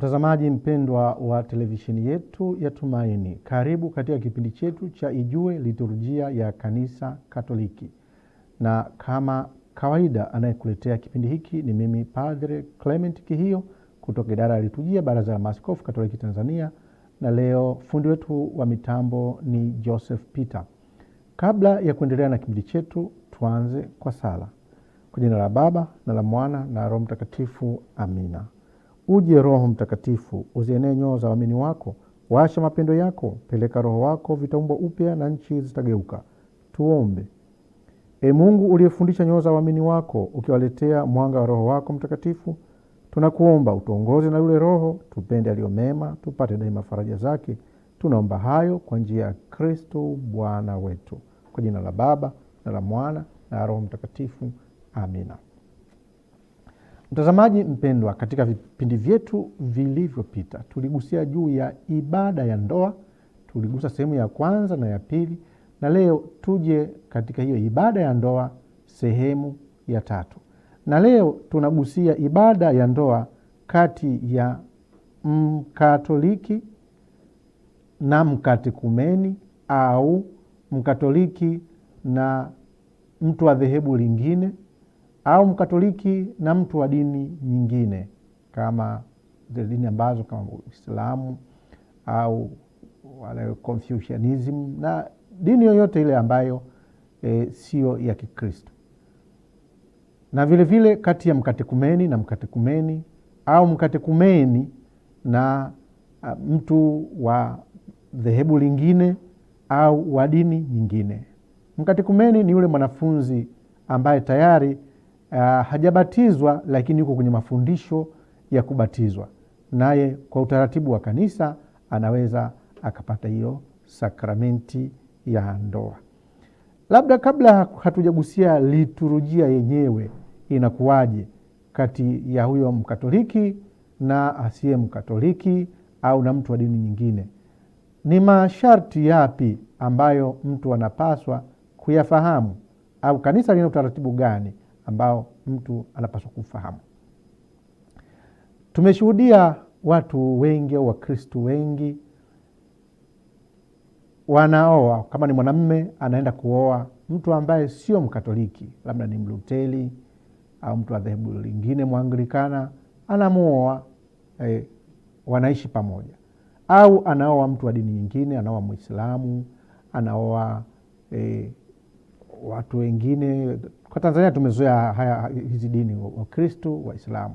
Mtazamaji mpendwa wa televisheni yetu ya Tumaini, karibu katika kipindi chetu cha Ijue Liturujia ya Kanisa Katoliki, na kama kawaida anayekuletea kipindi hiki ni mimi Padre Clement Kihio kutoka idara ya liturujia, Baraza la Maaskofu Katoliki Tanzania, na leo fundi wetu wa mitambo ni Joseph Peter. Kabla ya kuendelea na kipindi chetu, tuanze kwa sala. Kwa jina la Baba na la Mwana na Roho Mtakatifu, amina. Uje Roho Mtakatifu, uzienee nyoo za waamini wako, washa mapendo yako, peleka Roho wako, vitaumbwa upya na nchi zitageuka. Tuombe. E Mungu uliyefundisha nyoo za waamini wako, ukiwaletea mwanga wa Roho wako Mtakatifu, tunakuomba utuongoze na yule Roho tupende aliyo mema, tupate daima faraja zake. Tunaomba hayo kwa njia ya Kristo Bwana wetu. Kwa jina la Baba na la Mwana na Roho Mtakatifu. Amina. Mtazamaji mpendwa, katika vipindi vyetu vilivyopita tuligusia juu ya ibada ya ndoa, tuligusa sehemu ya kwanza na ya pili, na leo tuje katika hiyo ibada ya ndoa sehemu ya tatu, na leo tunagusia ibada ya ndoa kati ya Mkatoliki na mkatekumeni au Mkatoliki na mtu wa dhehebu lingine au Mkatoliki na mtu wa dini nyingine kama zile dini ambazo kama Uislamu au wale Confucianism na dini yoyote ile ambayo e, eh, siyo ya Kikristo, na vile vile kati ya mkatekumeni na mkatekumeni au mkatekumeni na ah, mtu wa dhehebu lingine au wa dini nyingine. Mkatekumeni ni yule mwanafunzi ambaye tayari uh, hajabatizwa lakini yuko kwenye mafundisho ya kubatizwa, naye kwa utaratibu wa kanisa anaweza akapata hiyo sakramenti ya ndoa. Labda kabla hatujagusia liturujia yenyewe inakuwaje kati ya huyo Mkatoliki na asiye Mkatoliki au na mtu wa dini nyingine, ni masharti yapi ambayo mtu anapaswa kuyafahamu, au kanisa lina utaratibu gani ambao mtu anapaswa kufahamu. Tumeshuhudia watu wengi au Wakristu wengi wanaoa, kama ni mwanamme anaenda kuoa mtu ambaye sio Mkatoliki, labda ni Mluteli au mtu wa dhehebu lingine, Mwanglikana, anamuoa eh, wanaishi pamoja, au anaoa mtu wa dini nyingine, anaoa Mwislamu, anaoa eh, watu wengine kwa Tanzania tumezoea haya hizi dini, Wakristu, Waislamu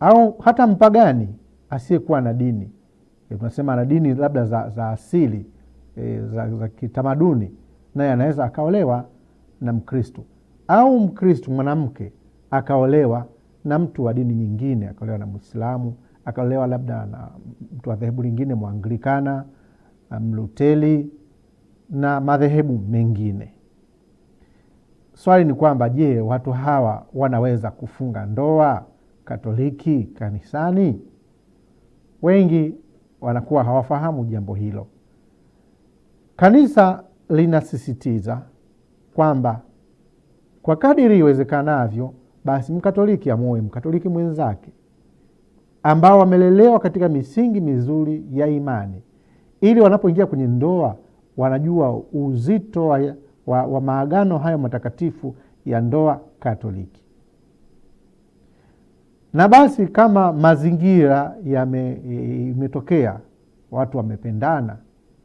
au hata mpagani asiyekuwa na dini e, tunasema na dini labda za, za asili e, za, za kitamaduni, naye anaweza akaolewa na Mkristu au Mkristu mwanamke akaolewa na mtu wa dini nyingine, akaolewa na Mwislamu, akaolewa labda na mtu wa dhehebu lingine, Mwanglikana, Mluteli na madhehebu mengine. Swali ni kwamba je, watu hawa wanaweza kufunga ndoa Katoliki kanisani? Wengi wanakuwa hawafahamu jambo hilo. Kanisa linasisitiza kwamba kwa kadiri iwezekanavyo, basi Mkatoliki amuoe Mkatoliki mwenzake ambao wamelelewa katika misingi mizuri ya imani, ili wanapoingia kwenye ndoa wanajua uzito wa wa, wa maagano hayo matakatifu ya ndoa Katoliki. Na basi kama mazingira yametokea, e, me, watu wamependana,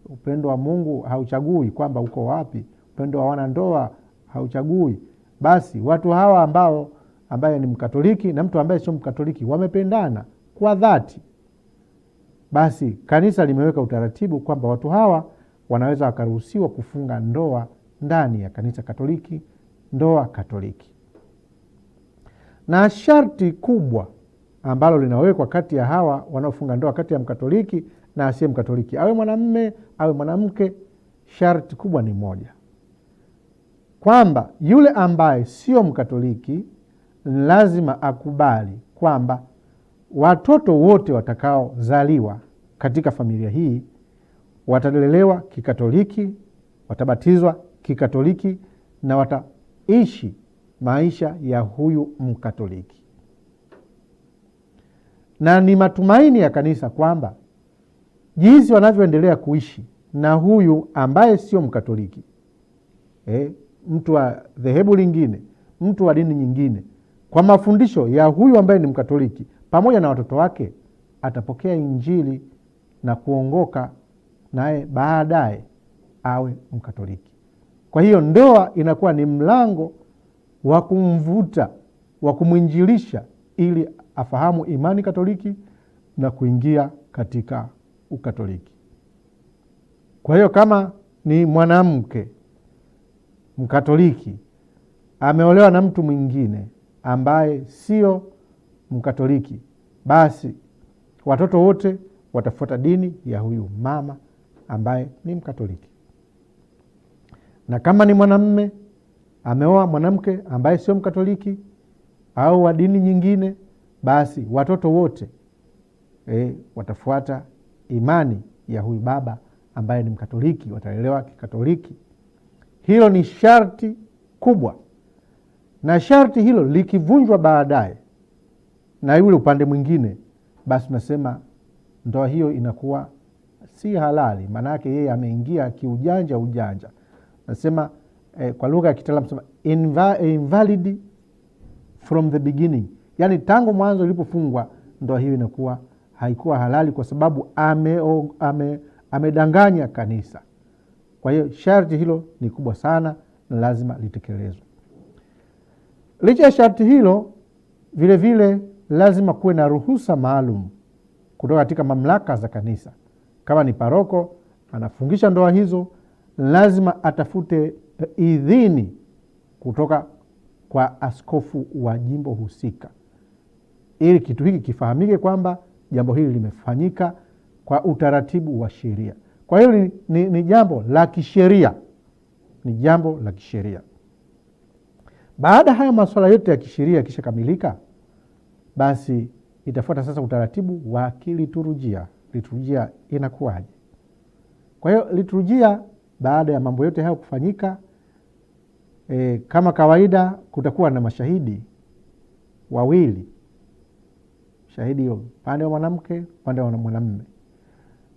upendo wa Mungu hauchagui kwamba uko wapi, upendo wa wanandoa hauchagui, basi watu hawa ambao ambaye ni Mkatoliki na mtu ambaye sio Mkatoliki wamependana kwa dhati, basi kanisa limeweka utaratibu kwamba watu hawa wanaweza wakaruhusiwa kufunga ndoa ndani ya kanisa Katoliki, ndoa Katoliki. Na sharti kubwa ambalo linawekwa kati ya hawa wanaofunga ndoa kati ya Mkatoliki na asiye Mkatoliki, awe mwanamme awe mwanamke, sharti kubwa ni moja, kwamba yule ambaye sio Mkatoliki lazima akubali kwamba watoto wote watakaozaliwa katika familia hii watalelewa kikatoliki, watabatizwa Kikatoliki na wataishi maisha ya huyu Mkatoliki, na ni matumaini ya kanisa kwamba jinsi wanavyoendelea kuishi na huyu ambaye sio Mkatoliki, eh, mtu wa dhehebu lingine, mtu wa dini nyingine, kwa mafundisho ya huyu ambaye ni Mkatoliki pamoja na watoto wake, atapokea Injili na kuongoka naye baadaye awe Mkatoliki. Kwa hiyo ndoa inakuwa ni mlango wa kumvuta wa kumwinjilisha ili afahamu imani Katoliki na kuingia katika Ukatoliki. Kwa hiyo kama ni mwanamke Mkatoliki ameolewa na mtu mwingine ambaye sio Mkatoliki, basi watoto wote watafuata dini ya huyu mama ambaye ni Mkatoliki na kama ni mwanamme ameoa mwanamke ambaye sio Mkatoliki au wa dini nyingine, basi watoto wote e, watafuata imani ya huyu baba ambaye ni Mkatoliki, watalelewa Kikatoliki. Hilo ni sharti kubwa, na sharti hilo likivunjwa baadaye na yule upande mwingine, basi unasema ndoa hiyo inakuwa si halali, yake yeye ameingia kiujanja ujanja nasema eh, kwa lugha ya kitaalamu sema inva, invalid from the beginning, yaani tangu mwanzo ilipofungwa ndoa hiyo inakuwa haikuwa halali, kwa sababu ame, o, ame, amedanganya kanisa. Kwa hiyo sharti hilo ni kubwa sana na lazima litekelezwe. Licha ya sharti hilo, vilevile vile, lazima kuwe na ruhusa maalum kutoka katika mamlaka za kanisa. Kama ni paroko anafungisha ndoa hizo lazima atafute eh, idhini kutoka kwa askofu wa jimbo husika, ili kitu hiki kifahamike kwamba jambo hili limefanyika kwa utaratibu wa sheria. Kwa hiyo ni, ni, ni jambo la kisheria, ni jambo la kisheria. Baada haya masuala yote ya kisheria yakishakamilika, basi itafuata sasa utaratibu wa kiliturujia. Liturujia inakuwaje? Kwa hiyo liturujia baada ya mambo yote hayo kufanyika, e, kama kawaida kutakuwa na mashahidi wawili, shahidi upande wa mwanamke, upande wa mwanamume.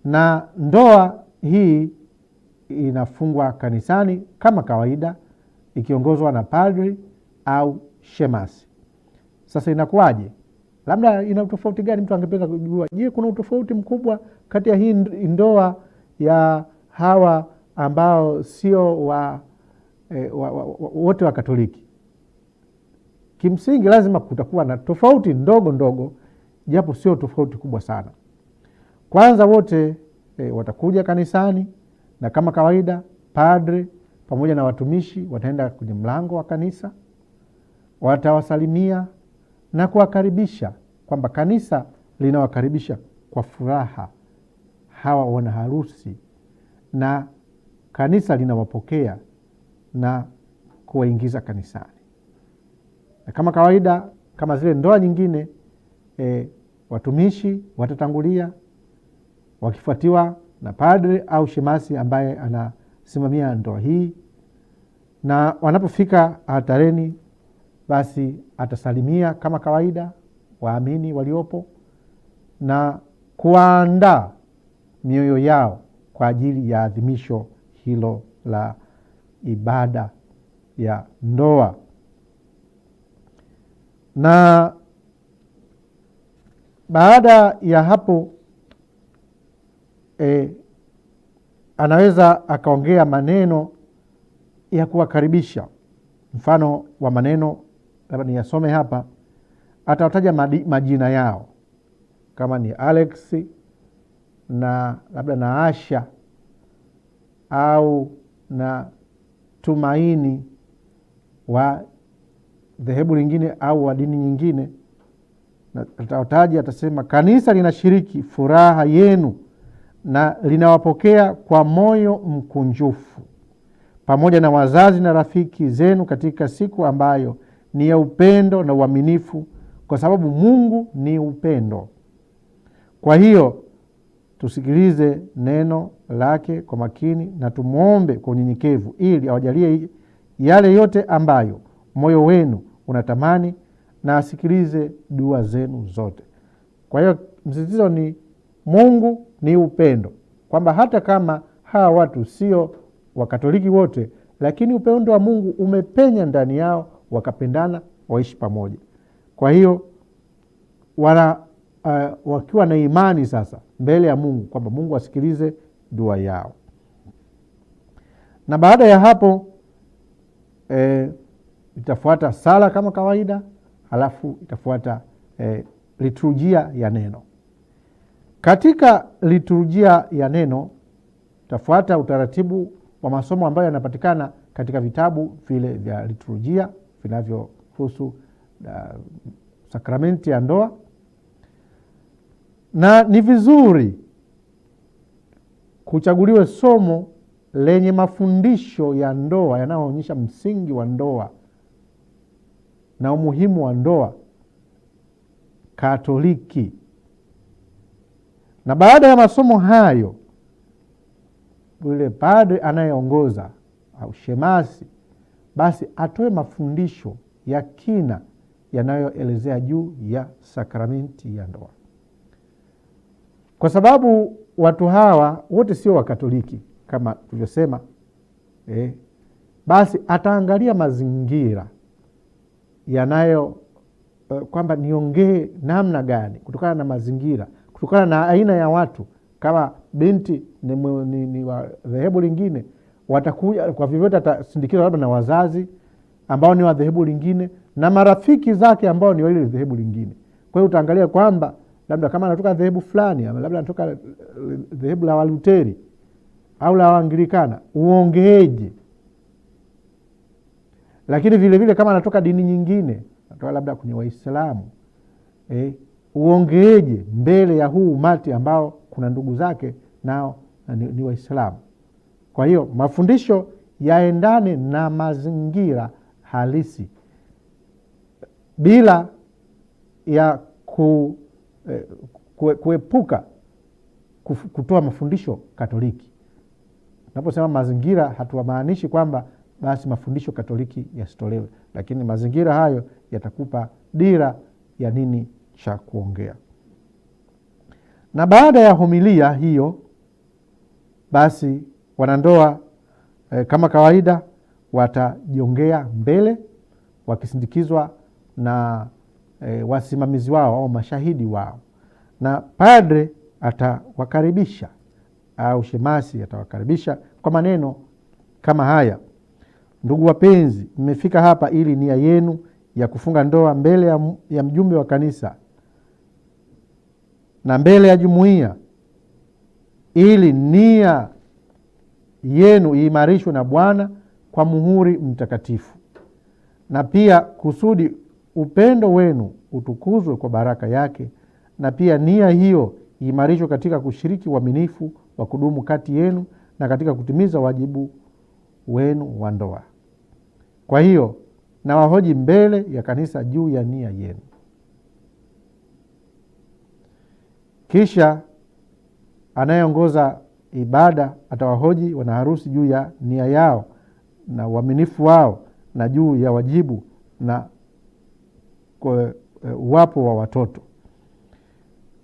Na ndoa hii inafungwa kanisani kama kawaida, ikiongozwa na padri au shemasi. Sasa inakuwaje? Labda ina utofauti gani? Mtu angependa kujua, je, kuna utofauti mkubwa kati ya hii ndoa ya hawa ambao sio wa wote eh, wa, wa, wa, wa Katoliki. Kimsingi lazima kutakuwa na tofauti ndogo ndogo, japo sio tofauti kubwa sana. Kwanza wote e, watakuja kanisani na kama kawaida padre pamoja na watumishi wataenda kwenye mlango wa kanisa, watawasalimia na kuwakaribisha kwamba kanisa linawakaribisha kwa furaha hawa wana harusi na kanisa linawapokea na kuwaingiza kanisani. Na kama kawaida, kama zile ndoa nyingine e, watumishi watatangulia wakifuatiwa na padre au shemasi ambaye anasimamia ndoa hii, na wanapofika altareni, basi atasalimia kama kawaida waamini waliopo na kuwaandaa mioyo yao kwa ajili ya adhimisho hilo la ibada ya ndoa. Na baada ya hapo e, anaweza akaongea maneno ya kuwakaribisha. Mfano wa maneno labda niyasome hapa, atawataja majina yao kama ni Alex na labda na Asha au na tumaini wa dhehebu lingine au wa dini nyingine, atawataji atasema, kanisa linashiriki furaha yenu na linawapokea kwa moyo mkunjufu pamoja na wazazi na rafiki zenu katika siku ambayo ni ya upendo na uaminifu, kwa sababu Mungu ni upendo. Kwa hiyo tusikilize neno lake kwa makini na tumwombe kwa unyenyekevu, ili awajalie yale yote ambayo moyo wenu unatamani na asikilize dua zenu zote. Kwa hiyo msisitizo ni Mungu ni upendo, kwamba hata kama hawa watu sio Wakatoliki wote, lakini upendo wa Mungu umepenya ndani yao, wakapendana, waishi pamoja. Kwa hiyo wana uh, wakiwa na imani sasa mbele ya Mungu kwamba Mungu asikilize dua yao. Na baada ya hapo eh, itafuata sala kama kawaida, halafu itafuata eh, liturujia ya neno. Katika liturujia ya neno itafuata utaratibu wa masomo ambayo yanapatikana katika vitabu vile vya liturujia vinavyohusu uh, sakramenti ya ndoa na ni vizuri kuchaguliwe somo lenye mafundisho ya ndoa yanayoonyesha msingi wa ndoa na umuhimu wa ndoa Katoliki. Na baada ya masomo hayo, yule padre anayeongoza au shemasi basi atoe mafundisho ya kina yanayoelezea juu ya sakramenti ya ndoa kwa sababu watu hawa wote sio Wakatoliki kama tulivyosema eh. Basi ataangalia mazingira yanayo eh, kwamba niongee namna gani, kutokana na mazingira, kutokana na aina ya watu. Kama binti ni, ni, ni wa dhehebu lingine, watakuja kwa vyovyote, atasindikizwa labda na wazazi ambao ni wa dhehebu lingine na marafiki zake ambao ni wa ile dhehebu lingine. Kwa hiyo utaangalia kwamba labda kama anatoka dhehebu fulani, labda anatoka eh, dhehebu la Waluteri au la Waanglikana, uongeeje? Lakini vilevile vile kama anatoka dini nyingine, natoka labda kwenye Waislamu eh, uongeeje mbele ya huu umati ambao kuna ndugu zake nao ni, ni Waislamu? Kwa hiyo mafundisho yaendane na mazingira halisi bila ya ku Eh, kuepuka kutoa mafundisho Katoliki. unaposema mazingira, hatuwamaanishi kwamba basi mafundisho Katoliki yasitolewe, lakini mazingira hayo yatakupa dira ya nini cha kuongea. Na baada ya homilia hiyo, basi wanandoa eh, kama kawaida watajiongea mbele wakisindikizwa na e, wasimamizi wao au mashahidi wao, na padre atawakaribisha au shemasi atawakaribisha kwa maneno kama haya: ndugu wapenzi, mmefika hapa ili nia yenu ya kufunga ndoa mbele ya mjumbe wa kanisa na mbele ya jumuiya, ili nia yenu iimarishwe na Bwana kwa muhuri mtakatifu, na pia kusudi upendo wenu utukuzwe kwa baraka yake, na pia nia hiyo iimarishwe katika kushiriki uaminifu wa kudumu kati yenu na katika kutimiza wajibu wenu wa ndoa. Kwa hiyo nawahoji mbele ya kanisa juu ya nia yenu. Kisha anayeongoza ibada atawahoji wanaharusi juu ya nia yao na uaminifu wao na juu ya wajibu na kwa eh, uwapo wa watoto.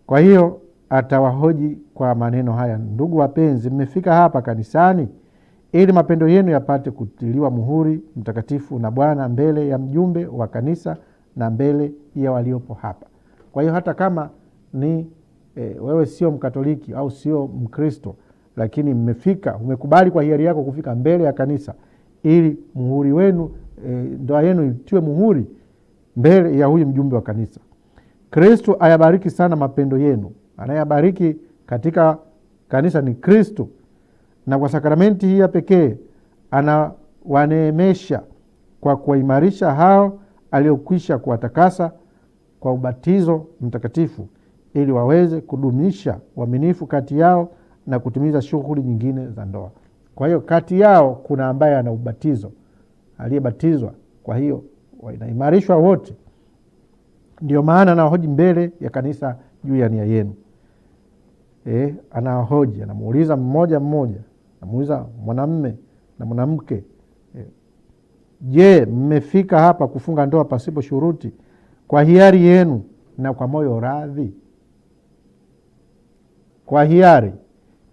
Kwa hiyo atawahoji kwa maneno haya: ndugu wapenzi, mmefika hapa kanisani ili mapendo yenu yapate kutiliwa muhuri mtakatifu na Bwana mbele ya mjumbe wa kanisa na mbele ya waliopo hapa. Kwa hiyo hata kama ni e, wewe sio Mkatoliki au sio Mkristo, lakini mmefika, umekubali kwa hiari yako kufika mbele ya kanisa ili muhuri wenu, e, ndoa yenu itiwe muhuri mbele ya huyu mjumbe wa kanisa. Kristu ayabariki sana mapendo yenu. Anayabariki katika kanisa ni Kristu, na kwa sakramenti hii ya pekee anawaneemesha kwa kuwaimarisha hao aliokwisha kuwatakasa kwa ubatizo mtakatifu, ili waweze kudumisha uaminifu kati yao na kutimiza shughuli nyingine za ndoa. Kwa hiyo kati yao kuna ambaye ana ubatizo, aliyebatizwa. Kwa hiyo wanaimarishwa wote. Ndio maana anawahoji mbele ya kanisa juu ya nia yenu. E, anawahoji, anamuuliza mmoja mmoja, namuuliza mwanamme na mwanamke e, je, mmefika hapa kufunga ndoa pasipo shuruti kwa hiari yenu na kwa moyo radhi? Kwa hiari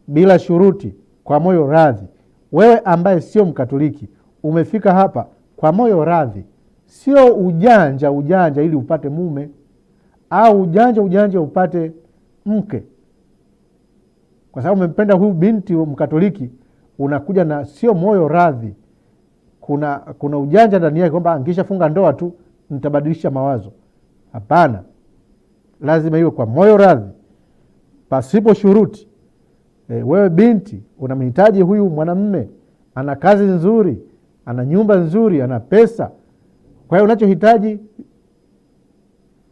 bila shuruti, kwa moyo radhi. Wewe ambaye sio Mkatoliki umefika hapa kwa moyo radhi sio ujanja ujanja ili upate mume au ujanja ujanja upate mke, kwa sababu umempenda huyu binti Mkatoliki, unakuja na sio moyo radhi. Kuna, kuna ujanja ndani yake kwamba nkishafunga ndoa tu nitabadilisha mawazo. Hapana, lazima iwe kwa moyo radhi, pasipo shuruti. E, wewe binti unamhitaji huyu mwanamme, ana kazi nzuri, ana nyumba nzuri, ana pesa kwa hiyo unachohitaji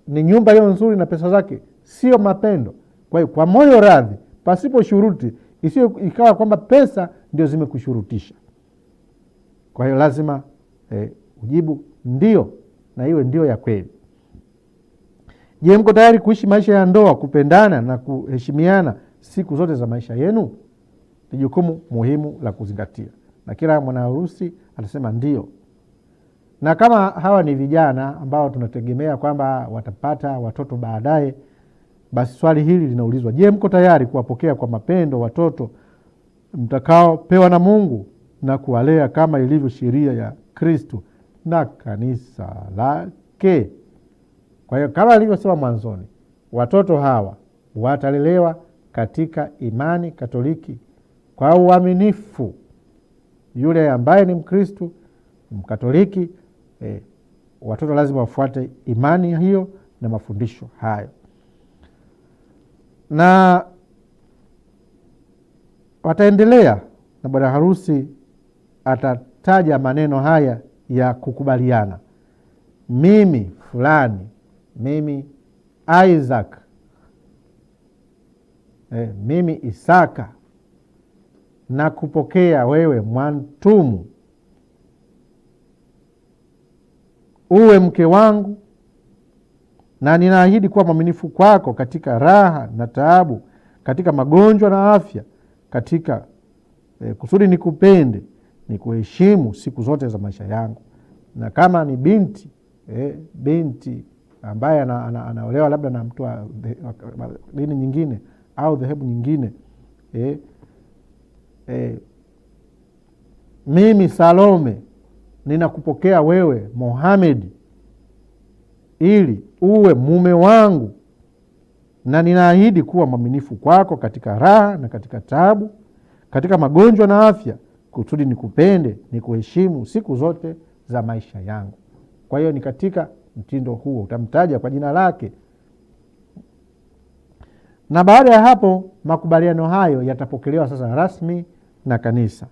ni nyumba hiyo nzuri na pesa zake, sio mapendo. Kwa hiyo kwa moyo radhi, pasipo shuruti, isiyo ikawa kwamba pesa ndio zimekushurutisha. Kwa hiyo lazima eh, ujibu ndio, na iwe ndio ya kweli. Je, mko tayari kuishi maisha ya ndoa, kupendana na kuheshimiana siku zote za maisha yenu? Ni jukumu muhimu la kuzingatia, na kila mwanaharusi anasema ndio na kama hawa ni vijana ambao tunategemea kwamba watapata watoto baadaye, basi swali hili linaulizwa, je, mko tayari kuwapokea kwa mapendo watoto mtakaopewa na Mungu na kuwalea kama ilivyo sheria ya Kristu na kanisa lake? Kwa hiyo kama alivyosema mwanzoni, watoto hawa watalelewa katika imani Katoliki kwa uaminifu. Yule ambaye ni Mkristu Mkatoliki eh, watoto lazima wafuate imani hiyo na mafundisho hayo. Na wataendelea na bwana harusi atataja maneno haya ya kukubaliana, mimi fulani, mimi Isaac, eh, mimi Isaka na kupokea wewe mwantumu uwe mke wangu, na ninaahidi kuwa mwaminifu kwako katika raha na taabu, katika magonjwa na afya, katika eh, kusudi nikupende, nikuheshimu siku zote za maisha yangu. Na kama ni binti eh, binti ambaye anaolewa labda na mtu wa dini nyingine au dhehebu nyingine eh, eh, mimi Salome ninakupokea wewe Mohamed ili uwe mume wangu, na ninaahidi kuwa mwaminifu kwako katika raha na katika tabu katika magonjwa na afya, kusudi nikupende, nikuheshimu siku zote za maisha yangu. Kwa hiyo ni katika mtindo huo utamtaja kwa jina lake, na baada ya hapo makubaliano hayo yatapokelewa sasa rasmi na kanisa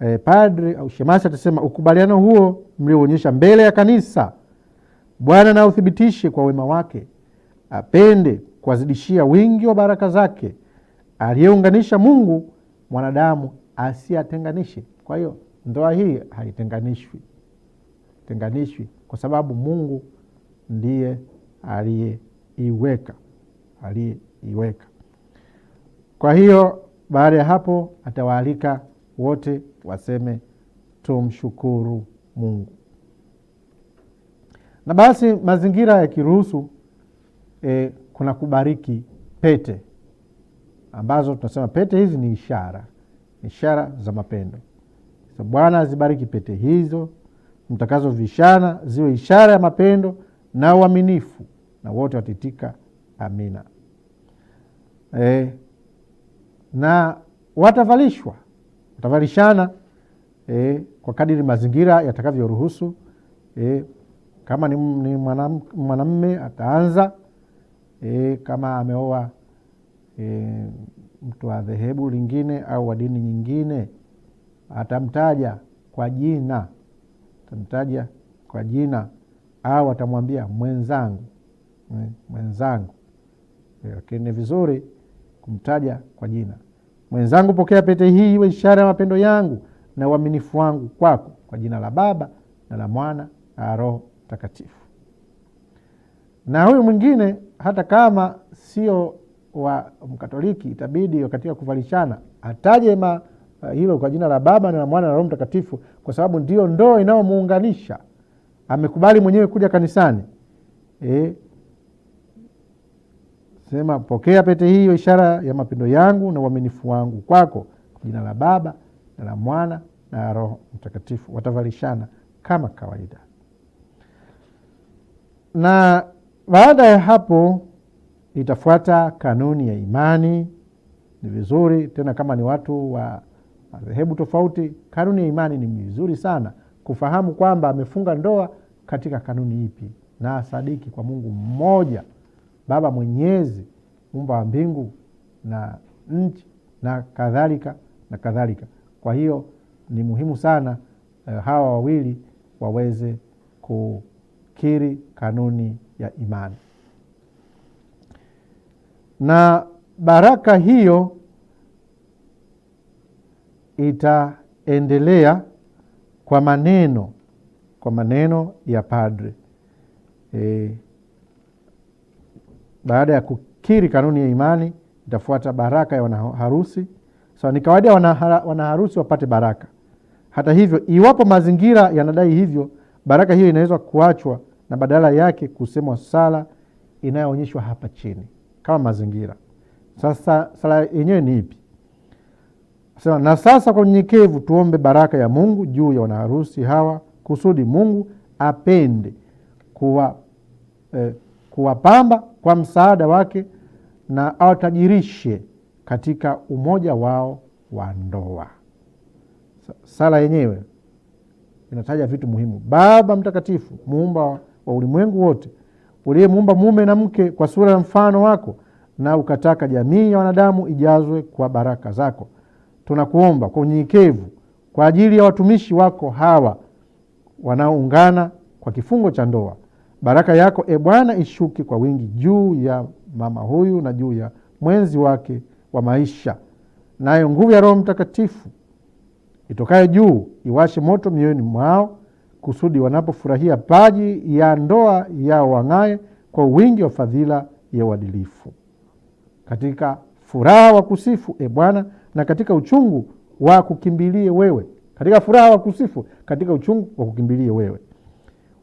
eh, padri au shemasi atasema ukubaliano huo mlioonyesha mbele ya kanisa Bwana na uthibitishe kwa wema wake, apende kuwazidishia wingi wa baraka zake, aliyeunganisha Mungu mwanadamu asiatenganishe. Kwa hiyo ndoa hii haitenganishwi tenganishwi, kwa sababu Mungu ndiye aliyeiweka aliyeiweka. Kwa hiyo baada ya hapo atawaalika wote waseme tumshukuru Mungu. Na basi mazingira yakiruhusu, e, kuna kubariki pete ambazo tunasema pete hizi ni ishara, ishara za mapendo. So, Bwana azibariki pete hizo mtakazovishana ziwe ishara ya mapendo na uaminifu, na wote watitika amina. E, na watavalishwa tutavalishana e, kwa kadiri mazingira yatakavyoruhusu e, kama ni, ni mwanamme ataanza e, kama ameoa e, mtu wa dhehebu lingine au wa dini nyingine atamtaja kwa jina, atamtaja kwa jina au atamwambia mwenzangu, e, mwenzangu. E, lakini ni vizuri kumtaja kwa jina. Mwenzangu, pokea pete hii iwe ishara ya mapendo yangu na uaminifu wangu kwako, kwa jina la Baba na la Mwana na Roho Mtakatifu. Na huyu mwingine hata kama sio wa Mkatoliki, itabidi wakati wa kuvalishana ataje ma eh, hilo kwa jina la Baba na la Mwana na Roho Mtakatifu, kwa sababu ndio ndoo inayomuunganisha. Amekubali mwenyewe kuja kanisani e, sema, pokea pete hiyo, ishara ya mapendo yangu na uaminifu wangu kwako. Jina la Baba na la Mwana na la Roho Mtakatifu. Watavalishana kama kawaida. Na baada ya hapo itafuata kanuni ya imani. Ni vizuri tena, kama ni watu wa madhehebu tofauti, kanuni ya imani ni vizuri sana kufahamu kwamba amefunga ndoa katika kanuni ipi, na sadiki kwa Mungu mmoja Baba Mwenyezi, muumba wa mbingu na nchi na kadhalika na kadhalika. Kwa hiyo ni muhimu sana eh, hawa wawili waweze kukiri kanuni ya imani na baraka hiyo itaendelea kwa maneno kwa maneno ya padre eh, baada ya kukiri kanuni ya imani, itafuata baraka ya wanaharusi. So, ni kawaida wanaharusi wapate baraka. Hata hivyo, iwapo mazingira yanadai hivyo, baraka hiyo inaweza kuachwa na badala yake kusemwa sala inayoonyeshwa hapa chini kama mazingira. Sasa sala yenyewe ni ipi? Sema, na sasa kwa unyenyekevu tuombe baraka ya Mungu juu ya wanaharusi hawa kusudi Mungu apende kuwa, eh, kuwapamba kwa msaada wake na awatajirishe katika umoja wao wa ndoa. Sala yenyewe inataja vitu muhimu. Baba Mtakatifu, muumba wa ulimwengu wote, uliyemuumba mume na mke kwa sura ya mfano wako, na ukataka jamii ya wanadamu ijazwe kwa baraka zako, tunakuomba kwa unyenyekevu kwa ajili ya watumishi wako hawa wanaoungana kwa kifungo cha ndoa Baraka yako e Bwana ishuke kwa wingi juu ya mama huyu na juu ya mwenzi wake wa maisha, nayo nguvu ya Roho Mtakatifu itokaye juu iwashe moto mioyoni mwao, kusudi wanapofurahia paji ya ndoa yao wang'aye kwa wingi wa fadhila ya uadilifu. Katika furaha wa kusifu e Bwana, na katika uchungu wa kukimbilie wewe. Katika furaha wa kusifu, katika uchungu wa kukimbilie wewe.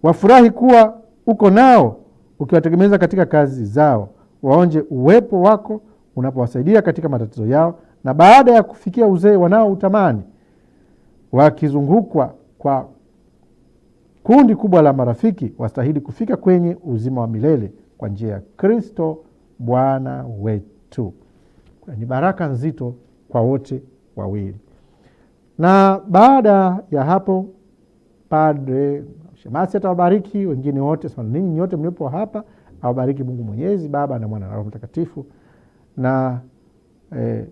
Wafurahi kuwa uko nao ukiwategemeza katika kazi zao, waonje uwepo wako unapowasaidia katika matatizo yao, na baada ya kufikia uzee wanao utamani wakizungukwa kwa kundi kubwa la marafiki, wastahili kufika kwenye uzima wa milele kwa njia ya Kristo Bwana wetu. Ni baraka nzito kwa wote wawili. Na baada ya hapo padre kuwafundisha. Basi atawabariki wengine wote, ninyi nyote mliopo hapa, awabariki Mungu Mwenyezi, Baba na Mwana na Roho Mtakatifu. Na eh,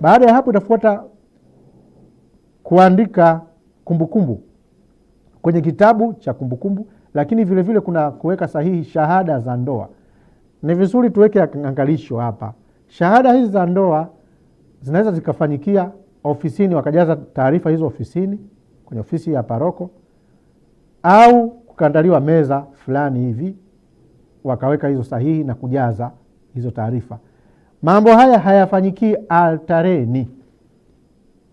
baada ya hapo itafuata kuandika kumbukumbu kumbu kwenye kitabu cha kumbukumbu kumbu, lakini vilevile vile kuna kuweka sahihi shahada za ndoa. Ni vizuri tuweke angalisho hapa, shahada hizi za ndoa zinaweza zikafanyikia ofisini, wakajaza taarifa hizo ofisini, kwenye ofisi ya paroko au kukandaliwa meza fulani hivi wakaweka hizo sahihi na kujaza hizo taarifa. Mambo haya hayafanyikii altareni.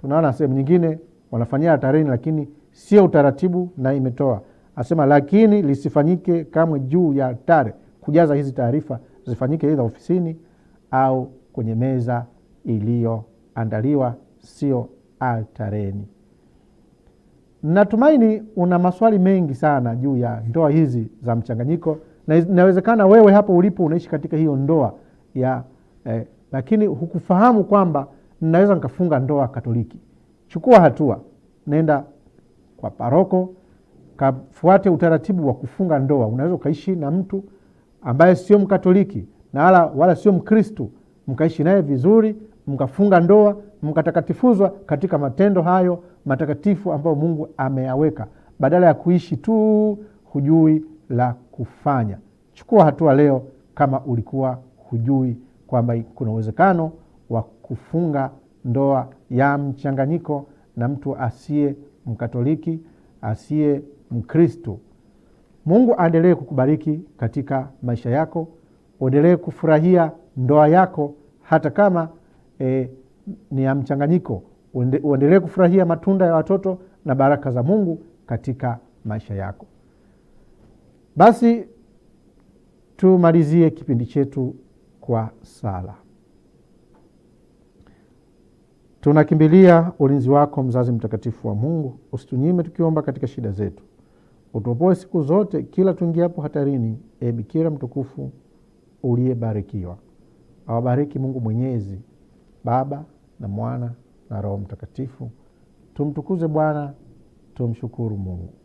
Tunaona sehemu nyingine wanafanyia altareni, lakini sio utaratibu na imetoa asema, lakini lisifanyike kamwe juu ya altare. Kujaza hizi taarifa zifanyike idha ofisini au kwenye meza iliyoandaliwa, sio altareni. Natumaini una maswali mengi sana juu ya ndoa hizi za mchanganyiko, na inawezekana wewe hapo ulipo unaishi katika hiyo ndoa ya eh, lakini hukufahamu kwamba naweza nikafunga ndoa Katoliki. Chukua hatua, nenda kwa paroko, kafuate utaratibu wa kufunga ndoa. Unaweza ukaishi na mtu ambaye sio Mkatoliki na wala, wala sio Mkristu, mkaishi naye vizuri mkafunga ndoa, mkatakatifuzwa katika matendo hayo matakatifu ambayo Mungu ameyaweka, badala ya kuishi tu hujui la kufanya. Chukua hatua leo, kama ulikuwa hujui kwamba kuna uwezekano wa kufunga ndoa ya mchanganyiko na mtu asiye Mkatoliki, asiye Mkristo. Mungu aendelee kukubariki katika maisha yako, uendelee kufurahia ndoa yako hata kama e, ni ya mchanganyiko. Uendelee kufurahia matunda ya watoto na baraka za Mungu katika maisha yako. Basi tumalizie kipindi chetu kwa sala. Tunakimbilia ulinzi wako, mzazi mtakatifu wa Mungu, usitunyime tukiomba katika shida zetu, utuopoe siku zote kila tuingiapo hatarini. ebikira mtukufu uliyebarikiwa, awabariki Mungu Mwenyezi Baba na Mwana na Roho Mtakatifu. Tumtukuze Bwana, tumshukuru Mungu.